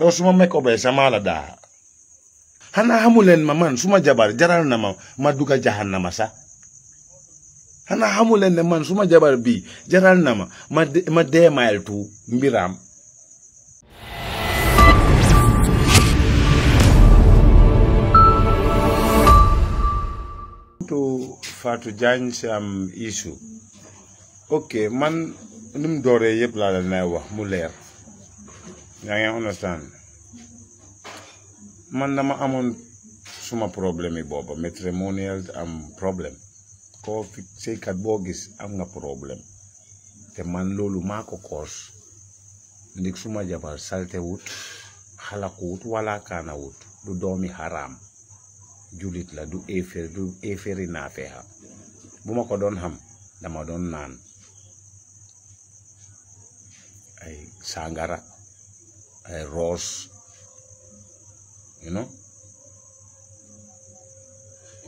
yow suma meko be sama la da hana hamulen maman suma jabar jaral na ma jahan jahannama sa hana hamulen ne man suma jabar bi jaral na ma ma de mile tu mbiram to fatu jañ sam isu, oke man nim dore yeb la la nay wax yaa yang understand man dama amon suma problemi boba. booba matrimonial am problem. Ko fik sëykat bogis am nga problem. te man lulu mako kos. suma jabar salte wut halak wut wala kana wut du domi haram. julit la du efer du eferi na feha. Buma ko doon nan. dama doon ay sangara I rose, you know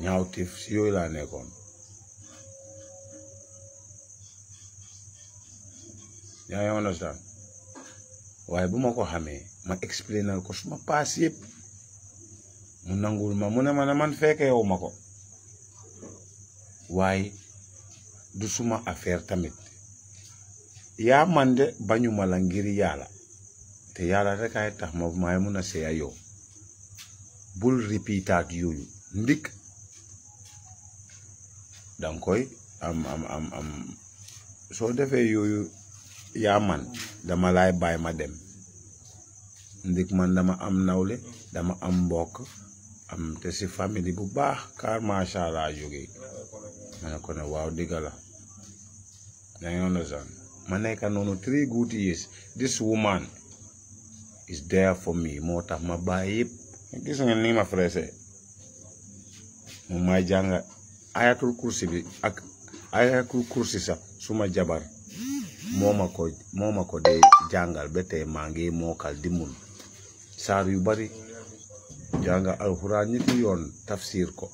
ñaawteef si yooyu laa nekkoon yaa ngi understand waaye bu ma ko xamee ma explainal ko suma paas yépp mu nangul ma mu ne ma ne man fekke yow ko waaye du suma affaire tamit yaa man de bañuma la ngir yàlla te yàlla rek ay tax ma maay mun a seey yow bul ripiitaat yooyu ndik danga koy am am am am soo defee yooyu yaa man dama lay bàyyi ma dem ndik man dama am nawle dama am mbokk am te si famille bu baax car macha allah jógee ma ne waaw digga la dangay ma nekka noonu three good years this woman is there for me motax ma bàyyi gis nga ni ma frese mo may jang ayatul kursi bi ak ayatul kursi sa suma jabar momako momako ko moo ma ko dee dimun ba yu bari jàng alxuraan ñetti yon tafsir ko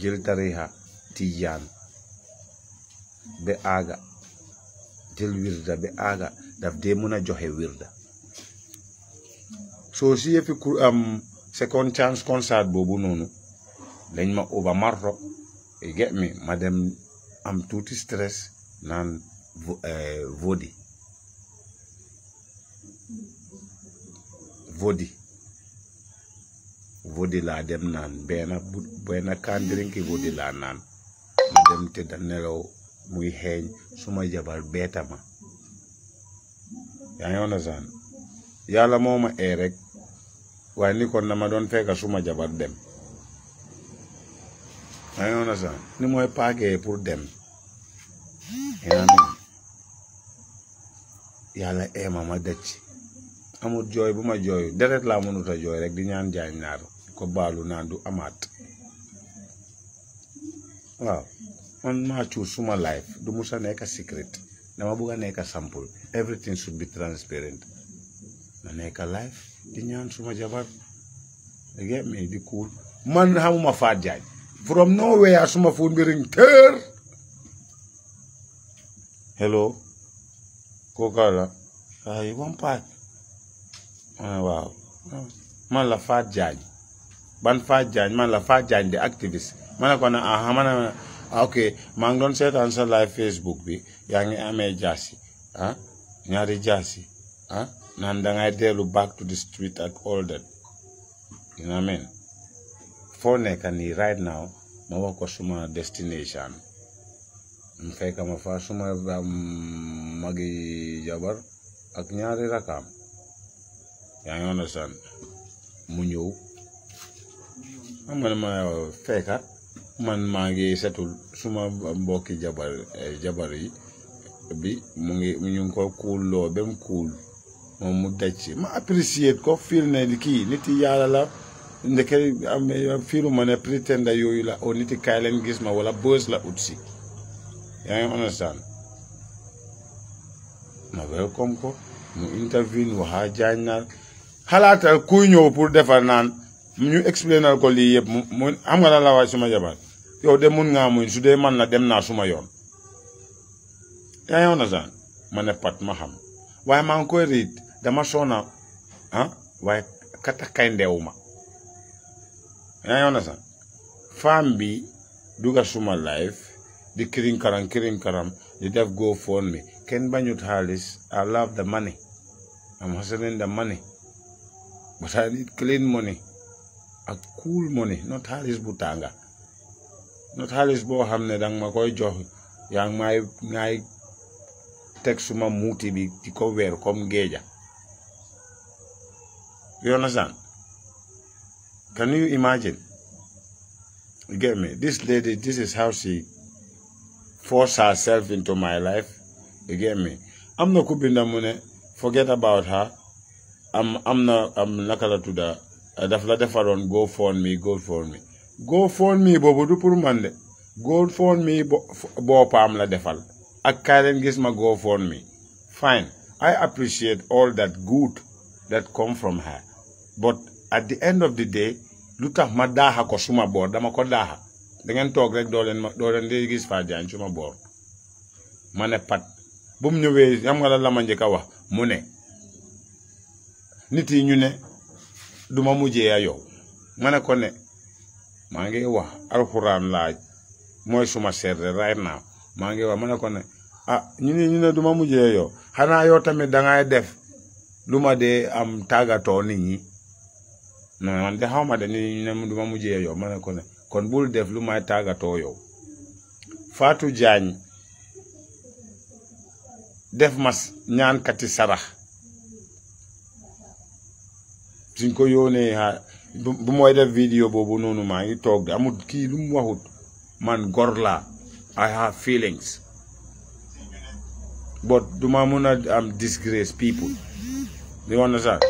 jël tariha tiyan be aga jël wirda be aga daf de muna joxe wirda so si yefi ku am second chance concert boobu noonu dañ ma uba marto e get ma dem am tuuti stress naan vodi eh, vodi laa dem naan benn benn kandrinki vodi laa naan ma dem tëdda nelaw muy xeeñ suma jabar beetama yaa ngi understand yàlla moo ma ee rek waaye ni kon dama doon fekk suma jabar dem ni mooy paakee pour dem yàlla eema ma dëcc amul jooy bu ma jooy deret laa mënut a jooy rek di ñaan jaay naar ko baalu naan du amaat waaw man maa cuur suma life du mus a nekk secret dama bugg a nekk sample everything should be transparent ma nekk life ñaan suma jabar. You me? di cool. Man hamuma fa jaj. From nowhere suma phone be ring. Hello. ko kala ay want pa Ah, wow. Man la fa jaj. Ban fa Man la fa jaj the activist. Man ko na aha man na don set ngi sa live Facebook bi ya nga amé jaasi ah ñaari jaasi ah naan dangay dellu back to the street ak all that you know foo nekk nii right now ma wax ko suma destination mu fekk ma fa suma magi jabar ak ñaari rakam yaa ngi understand mu ñëw xam nga ne ma fekka man maa ngi setul suma mbokki jabar eh, jabar yi bi mu ngi ñu ngi ko kuul loo ba mu kuul moom mu daj si ma apprécier ko fiir ne kii nit yi yàlla la ndeke am fiiru ma ne prétenda yooyu la o oh nit kaay leen gis ma wala bës la ut si yaa ngi understand ma welcome ko mu intervene waxaa xalaatal kuy ñëw pour defar naan ko lii yëpp mu xam yow de mun ngaa muñ su man na dem naa suma yoon yaa ngi ma ne pat ma xam waaye maa ngi koy riit damasona ha watakaende uma nayona sa fambi duga suma life di kirin karam kirin karam di def go phone me ken bañut halis i love the money i'm hustling the money but i need clean money a cool money not halis Butanga, not halis boo xam ne dang ma koy jox yaa ngi may ngay teg suma muuti bi di ko weer comme géeja You understand? Can you imagine? You get me? This lady, this is how she forced herself into my life. You get me? I'm not keeping the money. Forget about her. I'm I'm not I'm going to the dafla defaron go for me, go for me. Go for me bobo du purmande. Go for me Bobo pam la defal. A Karen gives my go for me. Fine. I appreciate all that good that come from her but at the end of the day lu tax ma daaxa ko suma boor dama ko daaxa da toog rek doo leen ma doo leen di gis Faa Jaañ suma boor ma pat bu mu ñëwee xam nga la la ma njëkk a wax mu ne nit yi ñu ne du ma mujjee a yow ma ne ko ne maa ngi wax alxuraan laaj mooy suma seet rek right now maa ngi wax ma ne ko ah ñu ne ñu ne du ma mujjee yow xanaa tamit da def. lu ma dee am tàggatoo nit ñi non man de xaw ma de nit ñi ne yow ma ne ko ne kon bul def lu may tàggatoo yow Fatou Jagne def ma ñaankati sarax suñ ko yónnee bu mooy def vidéo boobu noonu maa ngi toog de amul kii lu mu man gor laa I have feelings but duma mun a am disgrace people Do you understand?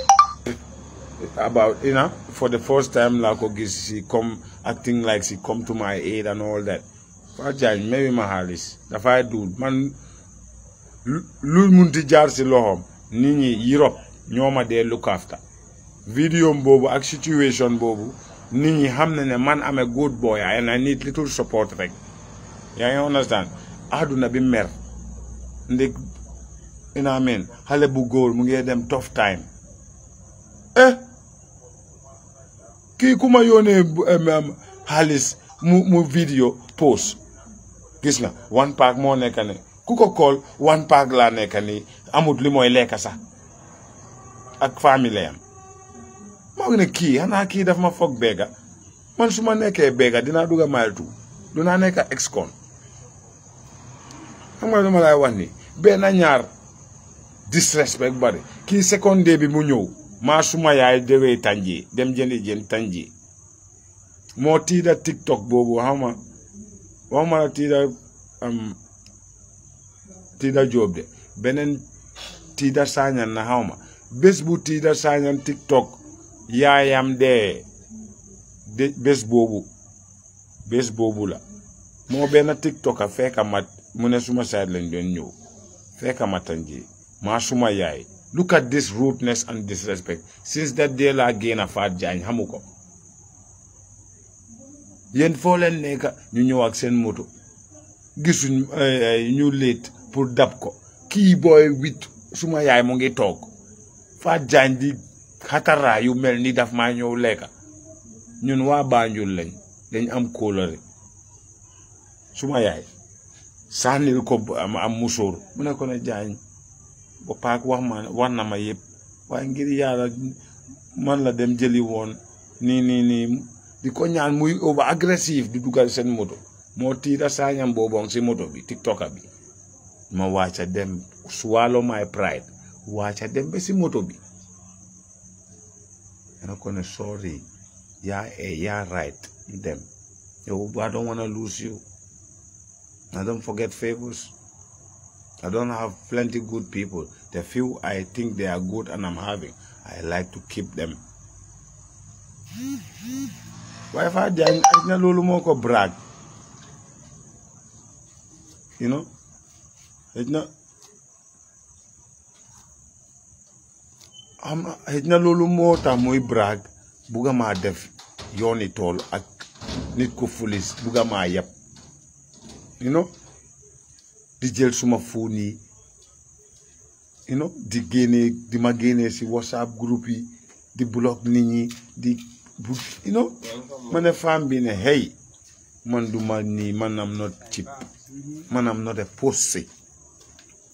About you know, for the first time, like okay, she come acting like she come to my aid and all that. For judge, maybe my halis. That's why I do. Man, lu munti jar si lohom. Nini Europe, nyoma they look after. Video bobo. ak situation bobo. Nini hamne a man I'm a good boy and I need little support like. Yeah, you understand? I do not be mer. The ina meen xale bu góor mu ngi dem tough time eh kii ku ma yónnee eh, xaalis mu mu vidéo gis nga one pack moo nekk ne ku ko kool one pack laa nekk nii amut li mooy lekk sax ak famille am moo kii xanaa kii daf ma foog beega man su ma nekkee beega dinaa dugg a mayatu dinaa nekk ex con xam nga dama lay wax ni benn ñaar. disrespect bari kii seconde bi mu ñëw maa suma yaay dewee tànji dem jëndi jën tànji moo tiida tiktok boobu xawma waxuma la tiida am tiida jóob de beneen tiida saañan na xawma bés bu tiida saañan tiktok yaayam dee de bés boobu bés boobu moo benn tiktok a fekka mu ne suma saay lañ doon ñëw fekka ma suma yaay lu at this rudeness and disrespect since that day laa génn a faat jaañ xamu ko yéen foo leen nekka ñu ñëw ak seen moto gisuñ eh, eh, ñu léet pour dab ko kii booy wit suma yaay mu ngi toog faat jaañ di xataraa yu mel ni dafa ma ñëw lekka ñun waa Banjul lañ dañ am kóolare suma yaay sànnil ko am musóor mu ne ko jaañ ba paak wax ma wax na ma yëpp waaye ngir yàlla man la dem jëli woon nii nii nii di ko ñaan muy over agressive di dugal seen moto moo tiira saañam boobong si moto bi tiktoka bi ma waaca dem swallow my pride waaca dem ba si moto bi and I gonna sorry. Yeah, yeah, right. Them. Yo, I don't wanna lose you. I don't forget favors. I don't have plenty good people. The few I think they are good and I'm having, I like to keep them. Why if I lulu Asna Lulumoko brag? You know? It's not am xëj na lulu moo tax brag Buga ma def yooni tool ak nit ku fulis bugga maa yeb you know di jël suma phone yi you di génnee di ma génnee si whatsapp group yi di block ni ñi di you know ma ne femme bi ne hey man du ma nii man am not cheap man am not a pussy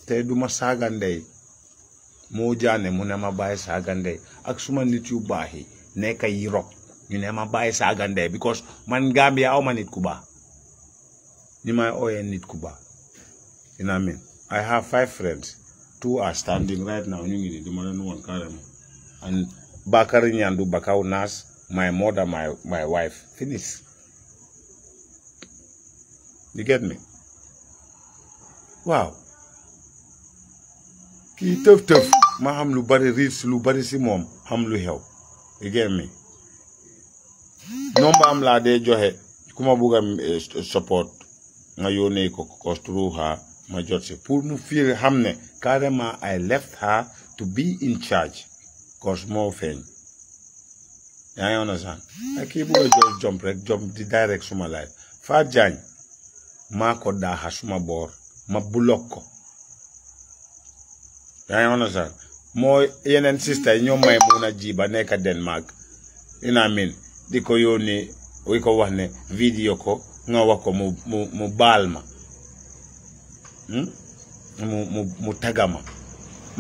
tey du ma saaga ndey moo jaane mu ne ma bàyyi saaga ak suma nit yu baax yi nekk yi rob ñu ne ma bàyyi saaga ndey because man Gambia aw ma nit ku baax ñi may ooyee nit ku baax you know I have five friends two are standing right now ñu ngi nii du ma leen woon carrément and Bakary Nyandu Bakaw Nas my mother my wife finish you get me waaw kii tëf tëf ma xam lu bari riis lu si moom xam lu xew you get me nomba am laa dee joxe ku ma bugg eh, support nga yónnee ko ko ma jot si pour mu fiir xam ne carrément I left her to be in charge cause moo feeñ yaa ngi understand ak kii bëgg a jot jomp rek jomp di direct suma life Fat Jaañ maa ko daaxa suma boor ma block ko yaa ngi understand moo yeneen sister yi ñoo may mun a jiiba nekka Denmark ina min di ko yónnee di ko wax ne vidéo ko nga wax ko mu mu mu baal ma Hmm? mu mu mu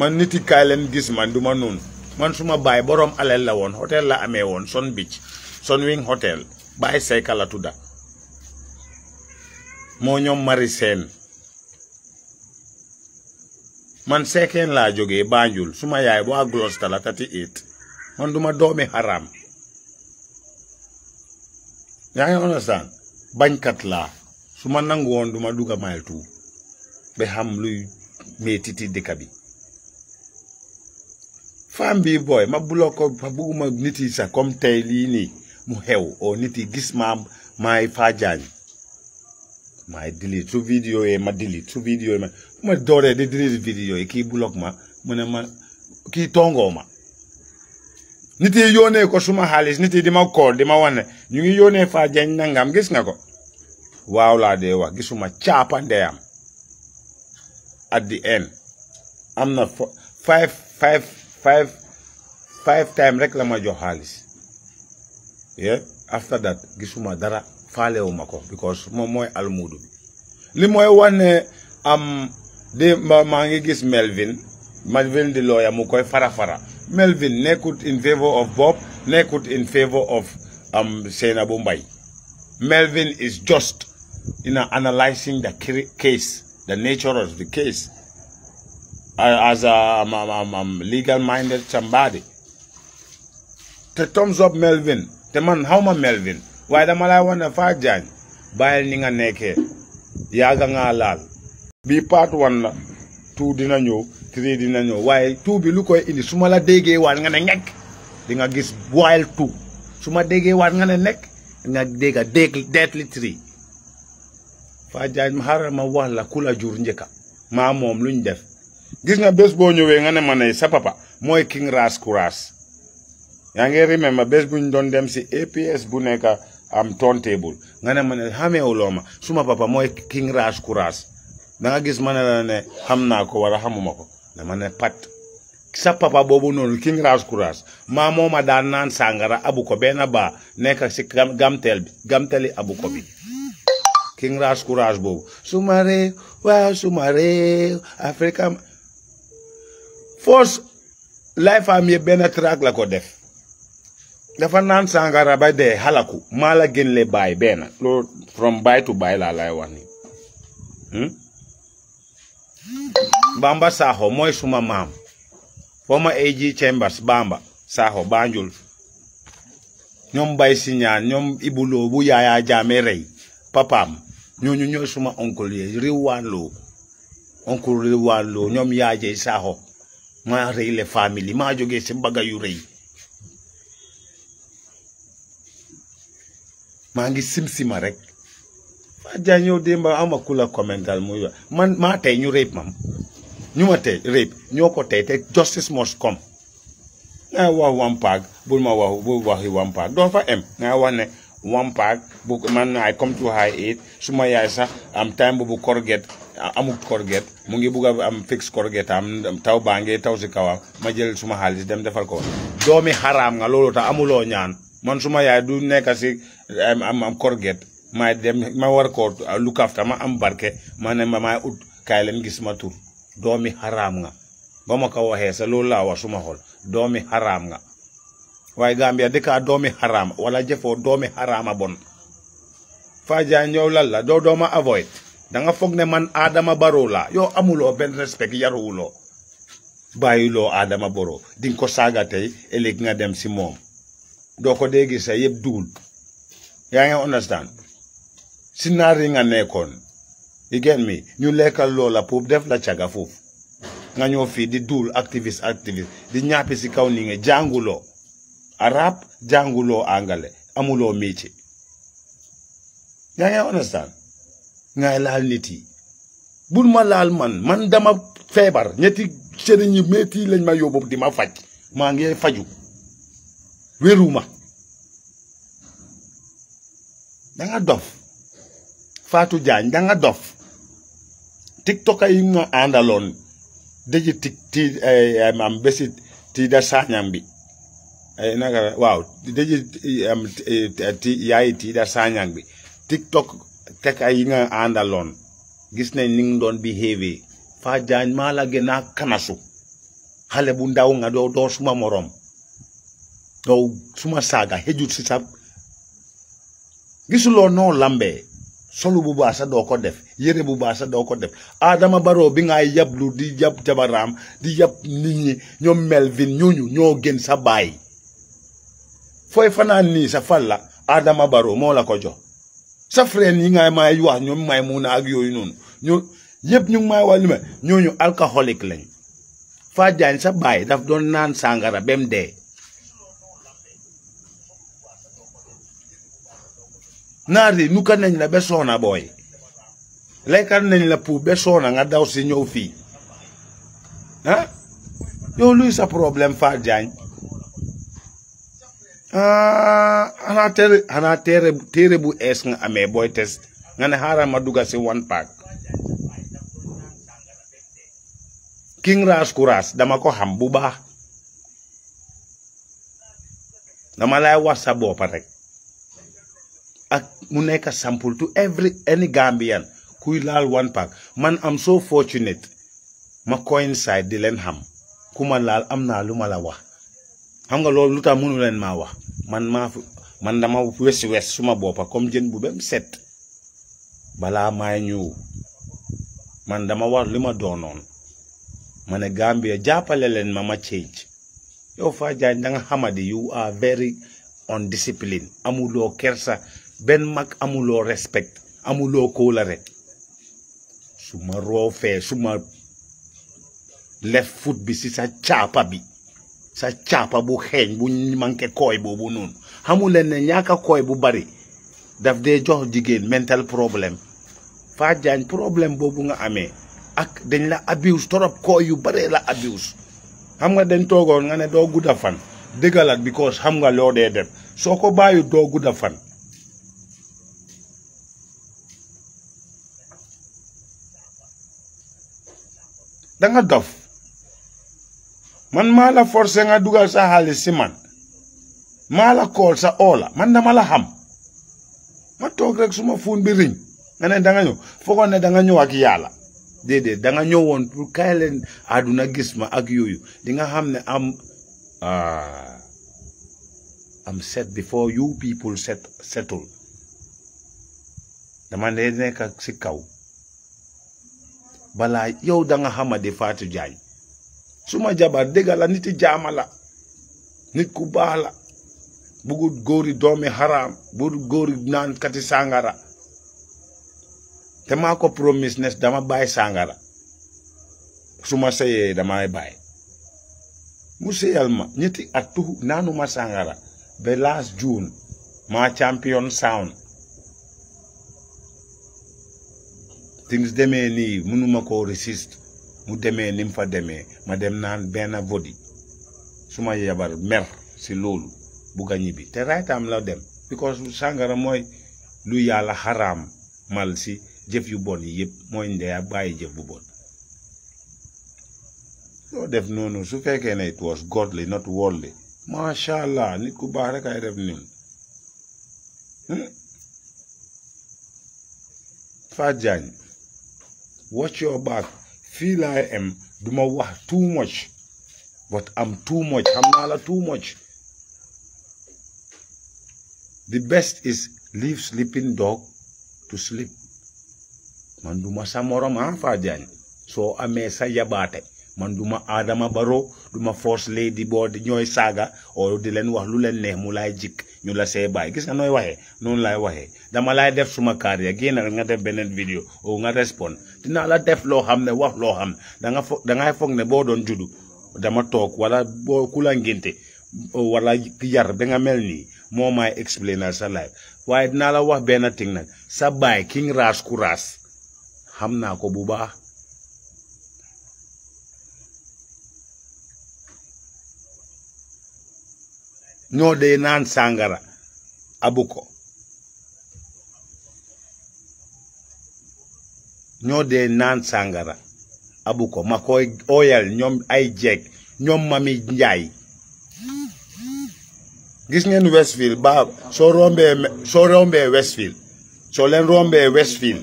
man nit yi leen gis man du ma noonu man suma baay boroom alal la woon hôtel la amee woon son beach son wing hôtel baay Seyka la tudda moo ñoom mari seen man seekeen laa jóge Banjul suma yaay waa Gloucester la tati it man duma doomi haram yaa ngi understand bañkat laa su ma nangu woon duma dugga mile two ba xam luy meetiti dëkk bi femme bi booy ma buloo ko bugguma nit yi sax comme tey lii nii mu xew oo nit gis maam maay faajaañ maay delete su vidéo yi ma delete su vidéo yi ma ma dooree di delete vidéo yi kii buloog ma mu ne ma kii tongoo ma nit yi ko suma xaalis nit yi di ma kool di ma wane ñu ngi yónnee faajaañ nangam gis nga ko waaw laa dee wax gisuma caapa ndeyam at the end i am not fo five five five five time rek la yeah after that gisuma dara fale umako because moom mooy almuudu bi li mooy am de mangi gis Melvin Melvin the lawyer, mu fara-fara Melvin nekut in favor of Bob nekut in favor of um, Sainabou Bombay. Melvin is just in analyzing the case the nature of the case. as a I'm, I'm, legal minded somebody. te thumbs up Melvin te man xaw ma Melvin waaye dama lay wan ne Faa Jaañ bàyyil ni nga nekkee yàgg nga laal. bii part one la two dina ñëw three dina ñëw waaye two bi lu koy indi su ma la déggee waat nga ne nekk di nga gis wild two su ma déggee waat nga ne nekk nga dégg deadly three. Faa Jaaj ma xaaral ma wax la ku jur njëkka maa moom luñ def gis nga bés boo ñëwee nga ne ma ne sa papa mooy king raas kuraas yaa ngi ma bés buñ doon dem si APS bu nekk am turntable nga ne ma ne ma suma papa mooy king raas kuraas da nga gis ma ne la xam naa ko wala xamuma ko dama ne pat sa papa boobu noonu king raas kuraas maa mooma daan naan sàngara abu ko benn baa nekk si gamteel bi gamteli abu bi King Raj courage boobu suma réew waaw suma Africa force life am yëpp benn track la ko def dafa naan sàngara ba dee xalaku maa la gën le from baay to baay laa lay wax nii hmm? Bamba Sakho mooy suma maam former AG Chambers Bamba Sakho Banjul ñoom Bay Siñaan ñoom Ibuloo bu Yaya Jammeh papaam ñooñu ñooy suma oncle yi Rilwan Lowe oncle Rilwan Lowe ñoom yaaje saaxo maa rëy le family maa jógee si mbaga yu rëy maa ngi simsima rek faa jaay ñëw démba ama kula commental muy wax man maa tey ñu réeb mam ñu ma tey réeb ñoo ko tey justice must come naa wax wampaag bul ma wax bul one pack doo fa em naa wax ne pack bu man I come to high eight suma yaay sax am time bu corget amut corget mu ngi bugg a am fixe corget am taw baa ngi taw si kawam ma jël suma xaalis dem defal ko doomi xaraam nga loolu tax amuloo ñaan man suma yaay du nekk si am am corget may dem ma war koo uh, kafta ma am barke ma ne ma may ut kaay gis ma tur doomi xaraam nga ba ma ko waxee sa loolu laa wax suma xol doomi xaraam nga waaye Gambia dëkkaa doomi xaraam wala jëfoo doomi xaraama bon Fadiane yow lan la doo dooma avoid da nga foog ne man Adama Barrow laa amuloo benn respect yaruwuloo bàyyiloo Adama Barrow di ko saaga tey nga dem si moom doo ko dee gis sa yëpp dugul yaa understand si naar yi nga nekkoon you get me ñu lekkal loola pour def la caga foofu nga ñëw fii di duul activiste activiste di ñàppi si kaw nii nga jànguloo arab jànguloo angale amuloo métier yaa ngi understand ngay laal nit yi bul ma laal man man dama feebar ñetti sëriñ yi métti di ma faj maa ngi faju wéruma danga dof Fatou Jaañ danga dof tiktok yi ma àndaloon dëji tik ti am bési da saañam bi naka waaw da saañam bi TikTok teg ay yi nga àndaloon gis nañ ni nga doon behave Faa Jaañ mala la kanasu xale bu ndaw nga doo doo suma moroom doo suma saaga xëjut si sa gisuloo noo lambee solu bu baax sa doo ko def yére bu baax sa doo ko def Adama Barrow bi ngay yablu di yab jabaraam di yab nit ñi ñoom Melvin ñooñu ñoo gën sa baay fooy fanaan nii sa Adama Barrow mo la ko jox safren yi nga may wax ñoom may mun ak yooyu noonu ñoo yëpp ñu ngi may wax li ma ñooñu alcoholique lañ Faa Jaañ sa bay daf doon naan sàngara ba mu dee naar yi nu ka nañ la ba soona booy laykan nañ la pour ba soona nga daw si ñëw fii ah yow luy sa problème Faa Jaañ Ah, xanaa téere téere bu ees nga amee booy test nga ne ma dugga si one pack king raas kuraas dama ko xam bu baax dama lay wax sa bopp rek ak mu nekk sample to every any Gambian kuy laal one pack man am so fortunate ma coincide di leen xam ku ma laal am naa lu ma la wax xam nga loolu lu tax mënu leen maa wax man maa man dama wesi wes suma boppa comme jën bu bem set balaa maay ñëw man dama war li ma doonoon ma ne Gambia jàppale leen ma ma change yow Faa Jaañ da xamadi yu are very undisciplined amuloo kersa benn mag amuloo respect amuloo kóolare su ma roofee su ma lef foot bi si sa caapa bi sa caapa bu xeeñ bu manqué kooy boobu noonu xamu leen ne ñaaka kooy bu bari daf dee jox jigéen mental problème fa Jaañ problème boobu nga amee ak dañ la abuse torop kooy yu baree la abuse xam nga dañ toogoon nga ne doo gudda fan dëggalat because xam nga loo dee def soo ko bàyyi doo gudda fan danga dof man mala forcé nga dugal sa halis si man mala call sa ola man dama la xam ma tok rek suma phone bi riñ nga ne danga ñu foko ne danga ñu ak dede da danga ñëwoon pour kaay aduna gis ma ak yoyu di nga xamne am ah am set before you people set settle dama ne ak si kaw bala yow danga di Fatou jaay suma jabar degala niti jamala la nit ku bala bugut gori domi haram bugut gori nan kati sangara te mako promise nes dama bay sangara suma seyee dama bay. mu seyal ma atuh at sangara be last june ma champion sound things demeni munuma ko koo resist mu demee ni mu fa demee ma dem naan benn vodi su ma yabar mer si loolu bugg a ñibbi te raytaam la dem because sàngara mooy lu yàlla xaraam mal si jëf yu bon yi yëpp mooy ndeya bàyyi jëf bu bon loo def noonu su fekkee ne it was godly not worldly macha allah nit ku baax rek ay def noonu hmm? Fat watch your back fii laay am du wax too much but am too much xam naa la too much the best is leave sleeping dog to sleep man du ma sa morom ah Faa Jaañ soo amee sa yabaate man duma aadama Adama Barrow du ma first lady boo di ñooy saaga oo di leen wax lu leen neex mu laay jikk ñu la see bàyyi gis nga nooy waxee noonu laay waxee dama laay def suma carrière gii nag nga def beneen vidéo o nga respond dinaa la def loo xam ne wax loo xam da nga fo da foog ne boo doon juddu dama toog wala boo ku la ngénte wala jar ba nga mel nii moo maay explainal sa life waaye dinaa la wax benn ting nag sa baay king raas ku raas xam naa ko bu baax. n'o de ye naan sangara abuko ñoo dee naan sangara abu ko ma koy oyal ay jeeg ñoom mami njaay gis ngeen Westfield ba soo rombee soo rombee Westfield soo leen rombee Westfield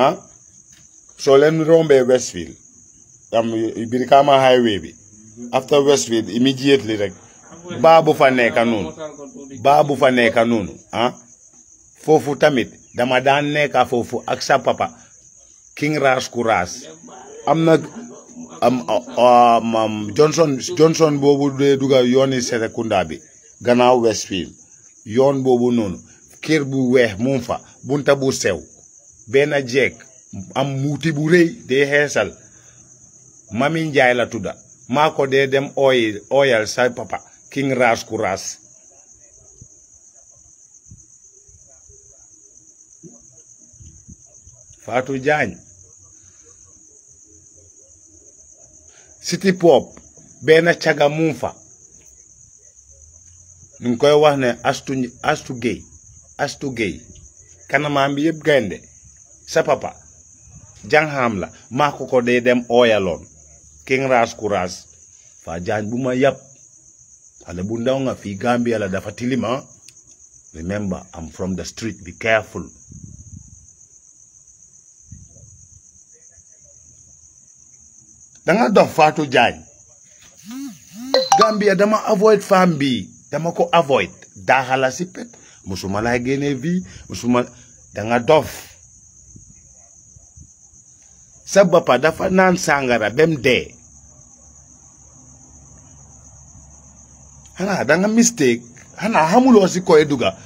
Ha? soo leen rombee Westfield am birikama highway bi after Westfield immediately rek baa bu fa nekk noonu baa bu fa nekk noonu ah. foofu tamit dama daan nekka foofu ak sapapa papa king raas am na am ah, ah, Johnson Johnson boobu dee dugga yooni Serekunda bi gannaaw Westfield yoon boobu noonu kër bu weex bunta bu sew benn jeeg am muuti bu rëy Mami Njaay la tudda maa ko dee dem king raas ku raas Fatou Diagne City Pop benn caga mum fa ñu ngi koy wax ne astu astu géy astu géy kanamaam bi yépp gaynde sapapa papa jànxaam la maa ko ko dee dem ooyaloon king raas ku raas fa jaañ bu ma yàpp nga fi Gambia la dafatilima. Remember, I'm from the street. Be careful. Danga dof fatu Jagne. Gambia dama avoid fambi Dama ko avoid. dahala sipet Musuma laa gene vi musuma danga dof. Sa bappa dafa nan sangara bem hana danga mistake hana hamul wasi ko eduga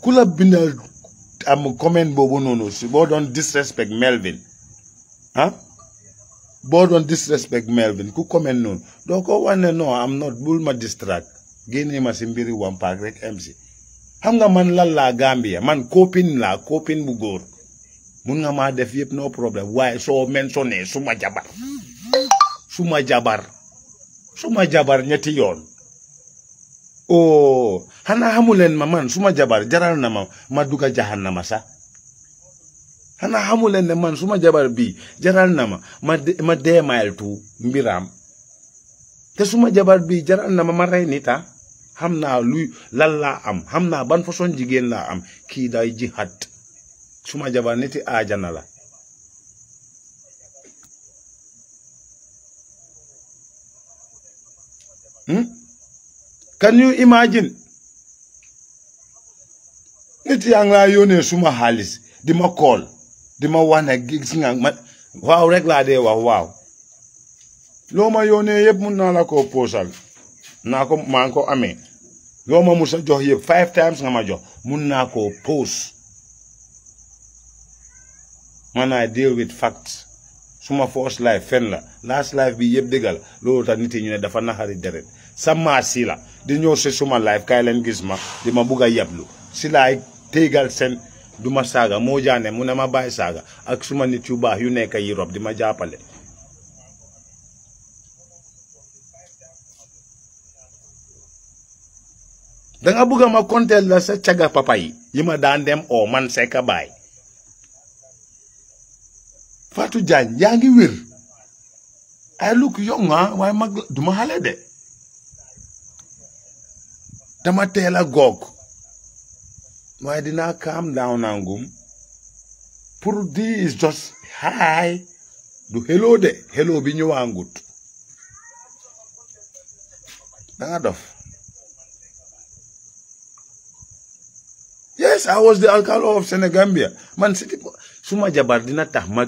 kula binda am um, comment bobo nono si bo don disrespect melvin ha bo don disrespect melvin ku comment non do ko wanne no i'm not bull ma distract gene ma si mbiri wam pak rek mc xam nga man la la gambia man copine la copine bu gor mun nga ma def yep no problem why so mentionné suma jabar suma jabar suma jabar ñetti yoon oo oh, xanaa xamu leen ma man suma jabar jaral na ma ma dugga jahannama sax xanaa xamu leen ne man suma jabar bi jaral na ma ma ma deemayaltu mbiraam te suma jabar bi jaral na ma ma rey nita xam naa luy laa am xam naa ban façon jigéen laa am kii day jihad suma jabar niti aajana la hmm Can you imagine? nit yaa ngi laa suma xaalis di ma kool di ma wax ne gis nga ma waaw rek laa Loma wax waaw ko maa ngi ko musa jo yëpp five times nga ma jox mun naa man deal with facts suma first life fen la last life bi yep dëggal loolu tax nit yi ñu deret sama sila di ñëw si suma life kaay leen gis ma di ma bugg a yablu si laay téegal seen du saaga moo jaane mu ne ma bàyyi saaga ak suma nit yu baax yu nekk Europe di ma jàppale danga bugg ma konteel la sa caga papa yi ma daan dem oo man sekka baay Fatou Jagne yaa ngi wér ay look young ah, waaye mag duma xale de dama tela gog. goog waaye dinaa calm down angum? pour is just hi do hello de hello bi ñëwaangut da yes I was the alcalo of Senegambia man po. suma jabar dina tax ma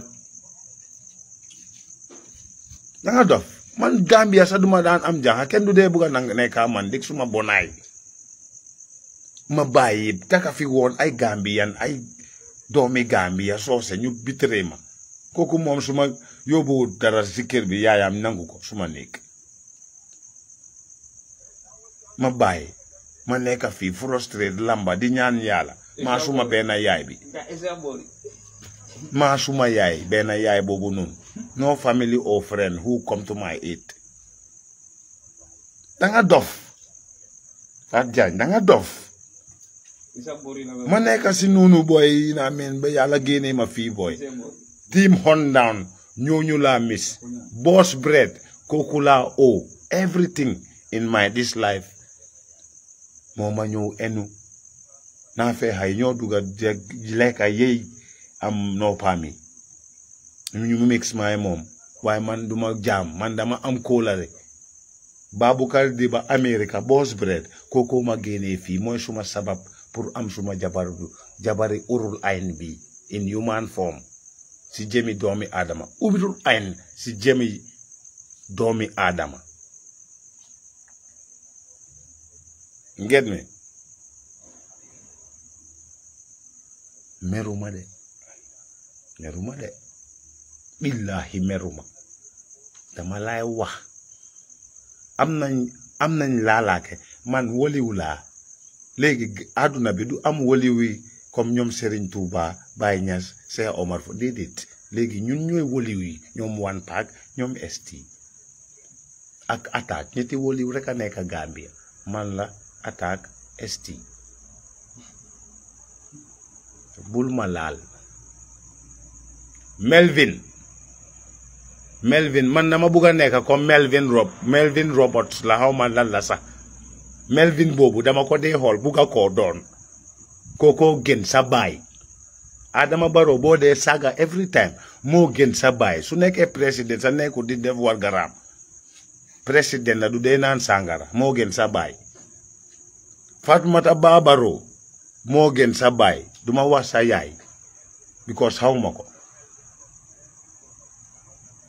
da man Gambia sa duma daan am jaha. Ken du de buga man dik suma bonai. ma bàyyi taka fi woon ay Gambian ay doomi Gambia soose ñu bitiree ma kooku moom suma ma dara si kër bi yaayam nangu ko suma néeg ma bàyyi ma nekk fii frustré lamba di ñaan yàlla maa suma benn yaay bi maa suma yaay benn yaay boobu noonu no family or friend who come to danga dof at jaañ danga dof ma nekk si noonu booy naa meen ba yàlla génnee ma fii booy team Hondown ñooñu laa miss boss bread kooku laa owe everything in my this life moo ma ñëw enu naa feexay ñoo dugga lekka yey am noppaami ñu mix maay moom waaye man duma jaam man dama am kóolale Baboucarr Deba America boss bread kooku ma génnee fii mooy suma sabab pour am suma jabar jabari urul ayn bi in human form si jëmi doomi aadama urul ayn si jëmi doomi aadama ngeen mi meruma de meruma de billahi meruma dama lay wax am nañ am nañ laalaake man woliwu laa léegi àdduna bi du am waliw yi comme ñoom Serigne Touba Baye Niass Cheikh Omar Fo déedéet léegi ñun ñooy waliw yi ñoom One Pac ñoom ST ak attaque ñetti waliw rek a nekk Gambia man la attaque ST bul ma laal Melvin Melvin man dama bugg a nekk comme Melvin Rob Melvin Roberts la xaw ma lal la sax. melvin boobu dama ko dee xool bugga ko doon ko gën sa baay Adama Barrow boo dee saaga every time moo gën sa baay su nekkee président sa nekkul di def war garaam président la du dee naan sàngara moo gën sa baay Fatoumata Bah Barrow moo gën sa baay duma wax sa yaay because xawma ko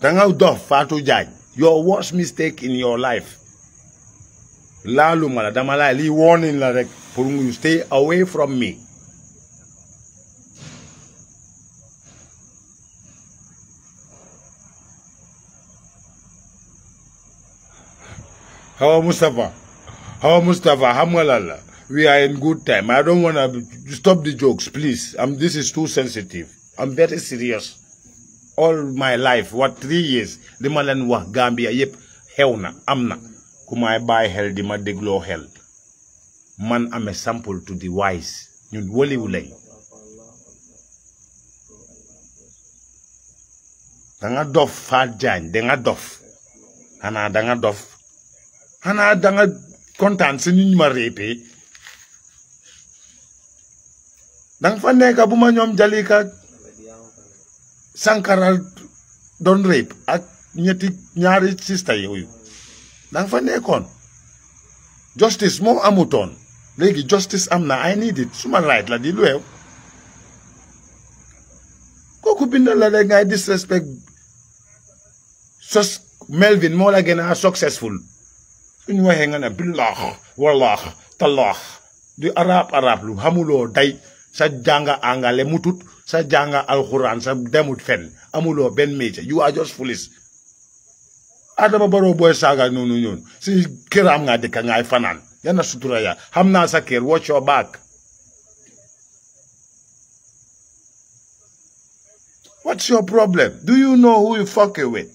danga dof Fatou Jagne your worst mistake in your life laaluma la dama laa warning la rek pour stay away from me How Mustafa How Mustafa Hamalala, we are in good time I don't wanna stop the jokes please am this is too sensitive I'm very serious all my life what three years The ma Gambia yep, xew na ku bay hel di ma deglo hel man ame sample to the wise ñun waliwu lañ nga dof jagne da nga dof da nga dof da nga kontaan ci ñu ma da nga fa neka bu ma jalika sankara don rape ak ñetti ñaari sista yooyu danga fa nekkoon justice moom amutoon léegi justice am na ay need it suma la di luweew kooku bindal la rek ngay disrespect sos Melvin moo la gën a successful suñu waxee nga ne billaax wallaax tallaax di arab arab lu xamuloo day sa jànga angale mutut sa jànga alxuraan sa demut fenn amuloo benn métier you are just foolish adama baro boy saga nunu ñun si kiram nga dikka ngay fanan yana sutura ya hamna sakir. watch your back What's your problem? Do you know who you fuck with?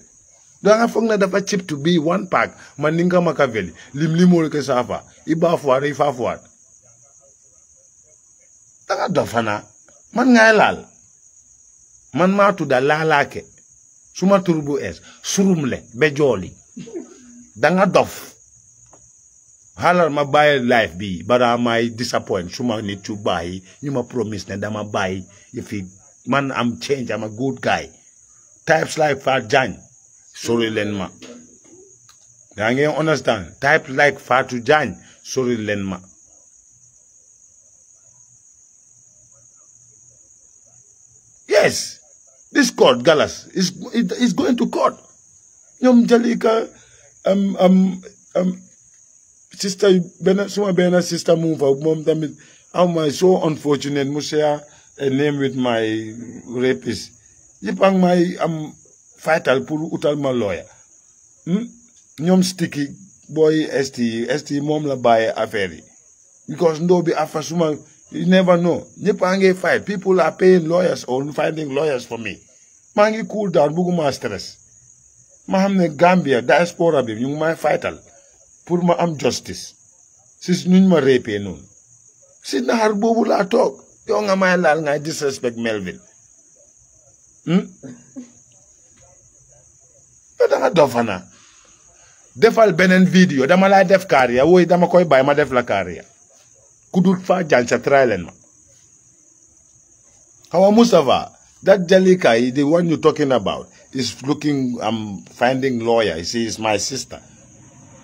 da nga fogg dafa chip to be one pack man ni nga makaveli lim limo ke safa iba foar ifa foar da nga dofana man ngay lal man ma tuda lalake suma tur bu surumle be jooli danga dof xaalal ma bàyyi life bi bara may disappoint suma nit yu bàyyi You ma promise ne dama bàyyi yëfi man am change am a good guy types like Fat jan sori leen ma yaa ngi understand types like Fatu jan sori leen ma yes this court Gallas is going to court ñoom Jalika am am am sista benn suma sista mu fa moom tamit am my so unfortunate mu share a name with my rapist yëpp ak may am fightal pour utal ma lawyer hmm? ñoom sticky booy ST ST moom la bàyyee affaire yi because ndoo bi afa suma You never know. Nipange fight. People are paying lawyers or finding lawyers for me. Mangi cool down, buguma stress. Mahamne Gambia, diaspora bi, yung may fightal. Pour ma am justice. Sis nun ma rape nun. Sis na har la talk. Yo nga may lal ngay disrespect Melvin. Hmm? Pwede nga dofa na. Defal benen video. Dama la def kariya. Woy dama koy bay ma def la kariya. Kudufa Janchatrailen. Kwa Mustafa, that Jalika, the one you're talking about, is looking, I'm um, finding lawyer. He says, my sister.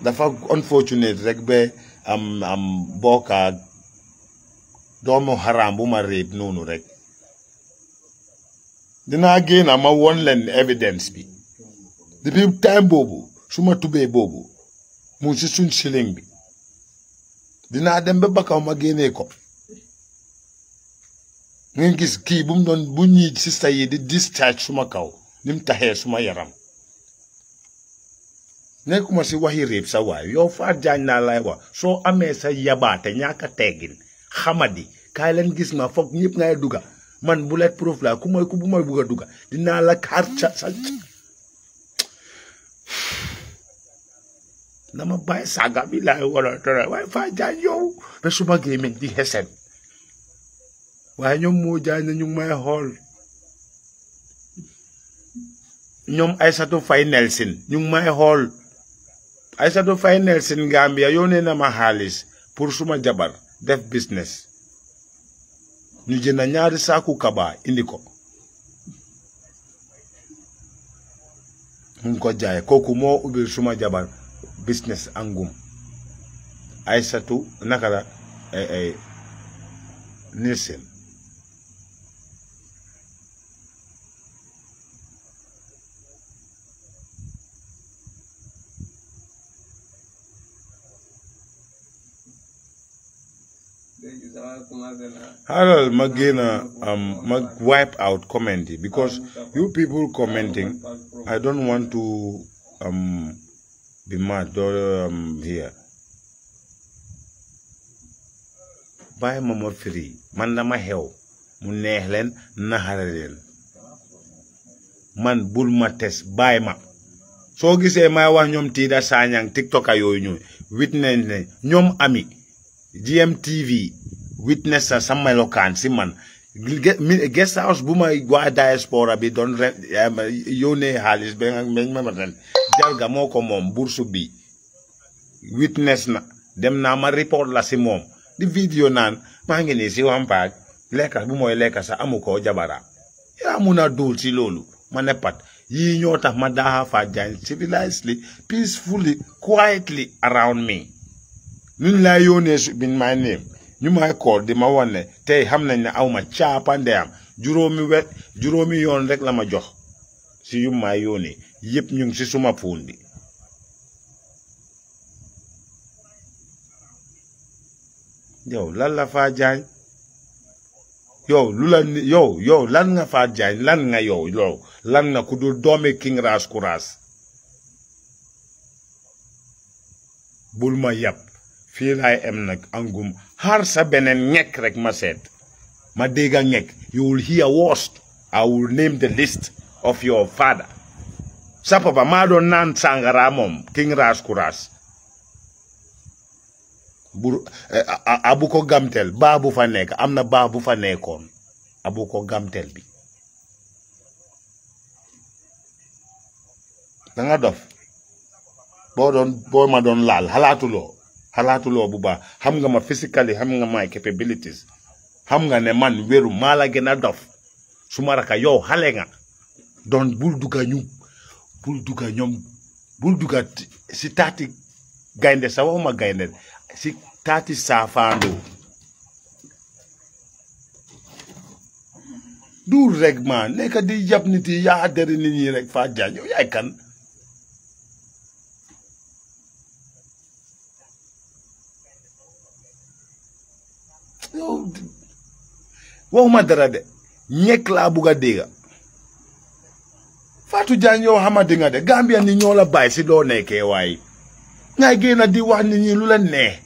The fact, unfortunate, Regbe, um, um, Boka, Domo Haram, Buma Rape, no, no, Reg. Then again, I'm a one land evidence. Be. The people time bobo, Suma Tube bobo, Musisun shilling. Be. dinaa dem ba ba kaw ma génnee ko ngeen gis kii bu mu doon bu ñii sista yi di discharge suma kaw ni mu taxee suma yaram nekkuma si waxi réeb sa waay yow Fatou jaañ naa lay wax soo amee sa yabaate ñàkk a teggin xamadi kaay leen gis ma foog ñépp ngay dugga man bulletproof laa ku may ku bu may bugg a dugga dinaa la kaar sa sa nama bai saga bila wala tara wai fa yo be suba gemen di hesen wa nyom mo jani nyum mai hol nyom to fay nelson nyum mai hol to fay nelson gambia yone na ma halis pour suma jabar def business ñu jëna ñaari saku kaba indi ko mun ko jaay kooku suma jabar business angum aysatu nakala ay ay nielsen Harold Magina um mag wipe out comment because you people commenting I don't want to um be my daughter um, ma ma firi man la ma xew mu neex leen naxare bul ma tes bàyyi ma soo gisee may wax ñoom Tida Sanyang tiktok a yooyu ñooy witness ne ñoom ami GMTV witness sa sa melokaan si man guest house bu may waa diaspora bi doon ren yónnee xaalis ba nga ma ren jalga moo ko moom bursu bi witness na dem naa ma report la si moom di vidéo naan maa ngi nii si wampaag lekka bu mooy lekka sax amu ko jabara yaa mun a duul si loolu ma ne pat yii ñoo tax ma daaxa faa jaan civilizedly peacefully quietly around me nuñ laa lay su bin my name ñu may kool di ma wane tey xam nañ ne awma caapandeam juróomi wet juróomi yoon rekk la ma jox si yu may yónnee yëpp ñu ngi si suma fóon bi yow lan la faa yow lu la yow yow lan nga faa jaañ lan nga yow yow lan nga ku dul doomi king raas ku raas bul ma yàpp fii laay am nag angum har sa benen ngek rek ma ma you will hear worst I will name the list of your father sa papa maa doon sàngara king ras kuras bu eh, abu ko gamtel baa bu fa nekk am na fa gamtel bi da nga dof Bo don bo ma doon laal xalaatuloo bu baax xam nga ma physically xam nga my capabilities xam nga ne man wéru mala la dof su ma raka yow xale nga don bul duga ñu bul duga ñom bul duga si tati gaynde sa waxuma gaynde si tati safando, dur rek man nek di japp nit yi ya deri nit yi rek fa jaañ yaay kan yow waxuma dara de ñekk laa bugg a dégg Fatou Jagne yow de Gambia ni ñoo la bàyyi si loo nekkee waaye ngay génn di wax nit ñi lu la neex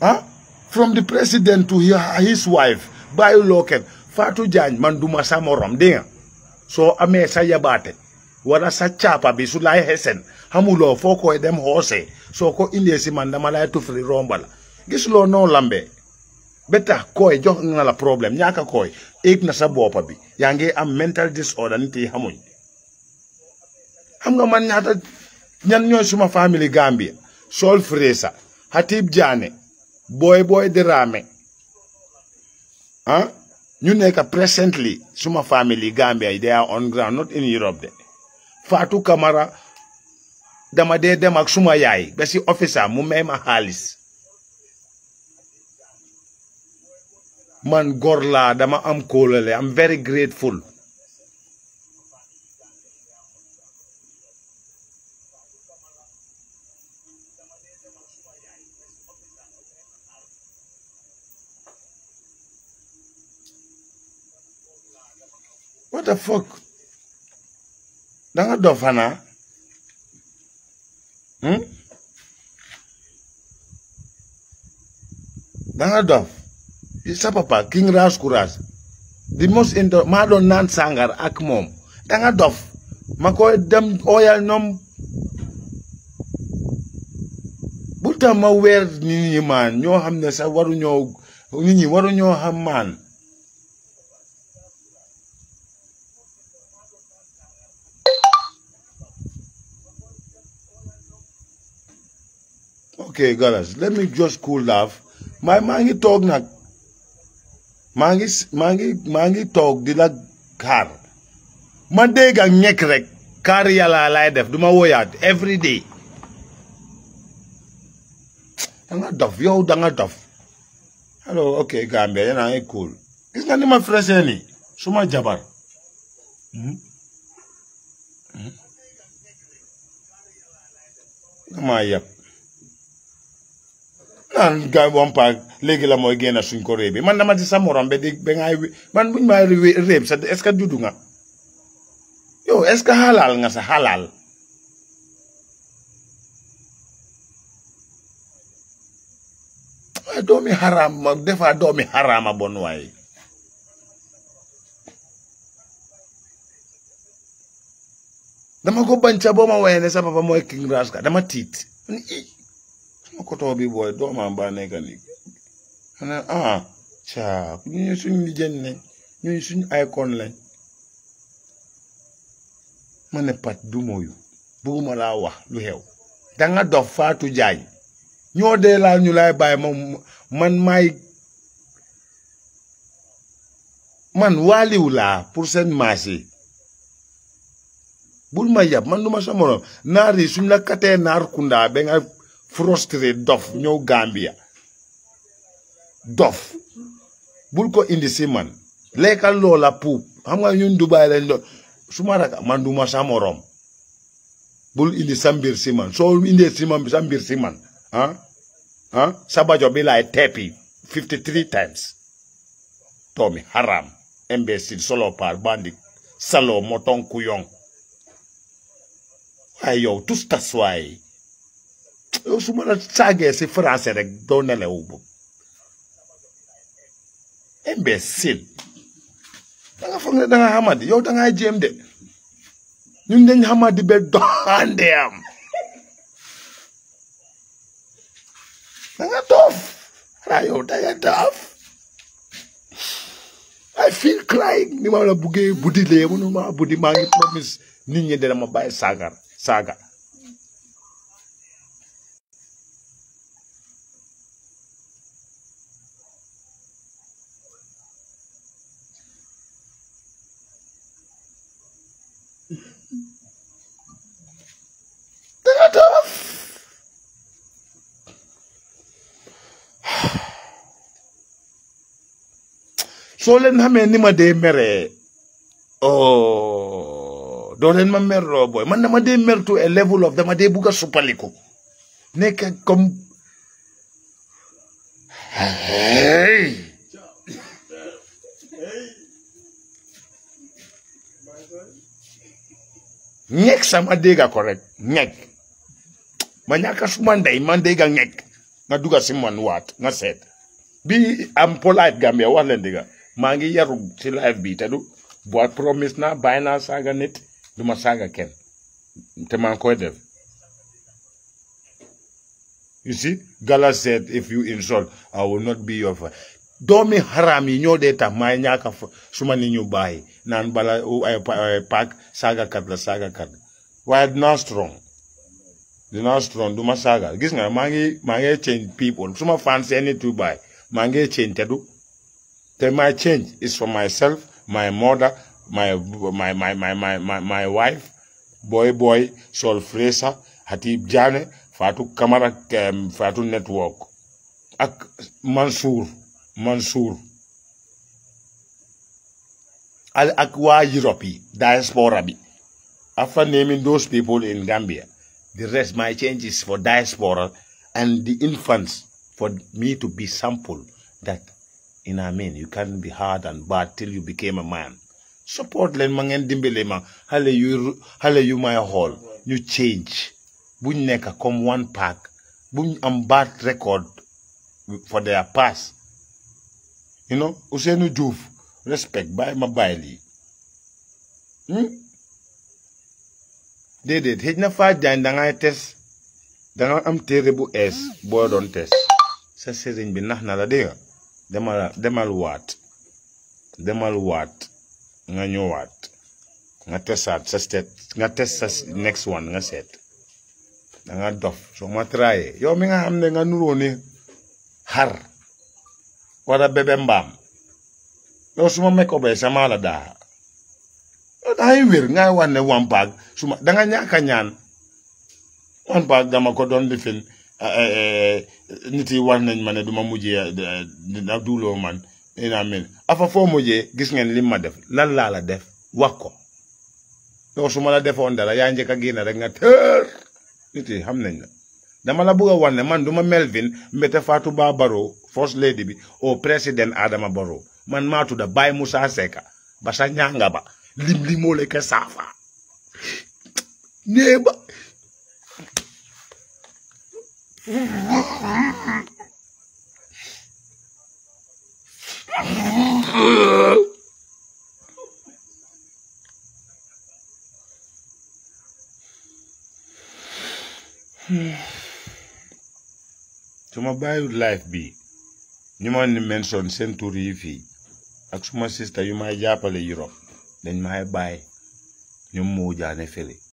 ah? from the president to his wife bàyyi loo kenn Fatou man duma samorom morom soo amee sa yabaate wala sa caapa bi su laay xesen xamuloo foo koy dem xoosee soo ko indee si man dama lay tufli romba la gis loo noo lambee ba tax kooy jox na la problème ñaaka kooy na sa boppa bi yaa ngi am mental disorder nit yi xamuñ xam man ñaata ñan ñooy suma famille Gambia Sol Fresa Hatib Jaane Boy Boy Dramé ah ñu nekk presently suma famille Gambia yi they are on ground not in Europe de Fatou Camara dama dee dem ak suma yaay ba si office mu may ma xaalis man gorla laa dama am kóolale i'm very grateful what the fuck danga dof xanaa hmm danga dof sa papa King Ras Kuraz. the most into maa doon naan sàngar ak moom danga dof ma koy dem ooyal ñoom bu tax ma weer nit ñi maan ñoo xam ne sax waruñoo nit ñi waruñoo xam man. okay guys let me just cool off my man, he talking. now. Mangis, mangi, mangi tok di la kar man dégg ga ñek rek ya la lay def duma woyat every day da nga dof yow da nga dof hello okay Gambia cool gis nga ni ma fresh ni suma jabar hmm? Hmm? dama ya. naan ga wampa léegi la mooy génn suñ ko man dama di sa morom ba di ba man buñ maa réeb sa est que juddu nga est que xalaal nga sa xalaal waaye doomi xaraam ma dama ko bañ ca boo ma wayee ne sa papa mooy king raska dama tiit koto bi boy do ma ba ne ah cha ñu suñu lijen ne ñu suñu icon lañ ma ne pat du mooyu bëgguma laa wax lu xew danga dof faatu jaay ñoo dee laa ñu lay bàyyi ma man maay man waaliw laa pour seen maas yi bul ma yab man du ma sa morom naar yi frustré dof ñeu Gambia dof bul ko indi ci man lo loola puub xam nga ñun Dubai lañ do suma rak man duma bul indi sambir ci man so indi ci man sambir ci man ah ah sa bajo bi laay tepi 53 times tomi haram imbécile par bandik salo moton Kuyong, ayo tous Eu sou uma chaga si français de dona Leubo. boobu imbécile da nga foog da nga xamadi yow da de ñun dañ xamadi ba am da nga doof xanaa da tof. I feel crying ni ma la buggee buddi lee mënu ma buddi maa ngi promise nit ñi ma sagar. Sagar. sole na me ni ma de mere oh do len ma ro boy man ma de mer to a level of dama dee bugg a suppaliku nekk comme hey ñekk sama de ga correct ñekk ma ñàkk suma ndey ma ga ñekk nga duga simon wat waat nga bi am polite Gambia wax len diga maa ngi yaru ci live bi te du boo promise naa bàyyi naa saaga nit du ma saaga kenn te maa ngi koy def you see Gala said if you insult I will not be your friend doomi xaraam yi ñoo dee tax maay ñaaka fa su ma ni ñu bàyyi naan bala uh, paak saagakat la saagakat la waaye dinaa strong strong du ma saaga gis nga maa ngi maa ngi change people su ma fan seeni tubaay maa ngi change te du They might change. It's for myself, my mother, my my my my my my, my wife, boy boy, Sol Fraser, Hatib Jane, Fatu Kamara, um, Fatu Network, Ak Mansour, Mansour. Al Akwa Europe, diaspora bi. After naming those people in Gambia, the rest my is for diaspora and the infants for me to be sample that in know You can't be hard and bad till you became a man. Support len ma ngeen dimbale ma xale you, xale yu may xool change buñ nekk one pack buñ am bad record for their past you know Ousseynou Diouf respect bàyyi ma bàyyi lii hmm? déedéet xëj na faa tes am terrible s. Boy don't tes sa sëriñ na la demal demal wat demal wat nga wat nga tessat sa set nga test sa next one nga set da nga dof so ma traaye yo mi nga xamne nga nuro ni har wala bebe mbam suma sama la da da ngay wér wan ne one da nga ñaka ñaan one bag dama ko don lifin Ah, eh, eh, eh, nit yi war nañ ma ne du ma mujjee dina duuloo man ina mel afa foo mujjee gis ngeen lim ma def lan laa la def wax ko yow su ma la defoon dara yaa njëkk a génn rek nga tër nit yi xam nañ la dama la bëgg a ne man duma Melvin Mbete Fatou Ba Barrow first lady bi au président Adama Barrow man maa da baay Moussa Seka ba sa ñaanga ba lim ba my bio life be, you want to mention seen tur yi my sister you might yu may jàppale Europe Then my bàyyi ñoom and jaane fële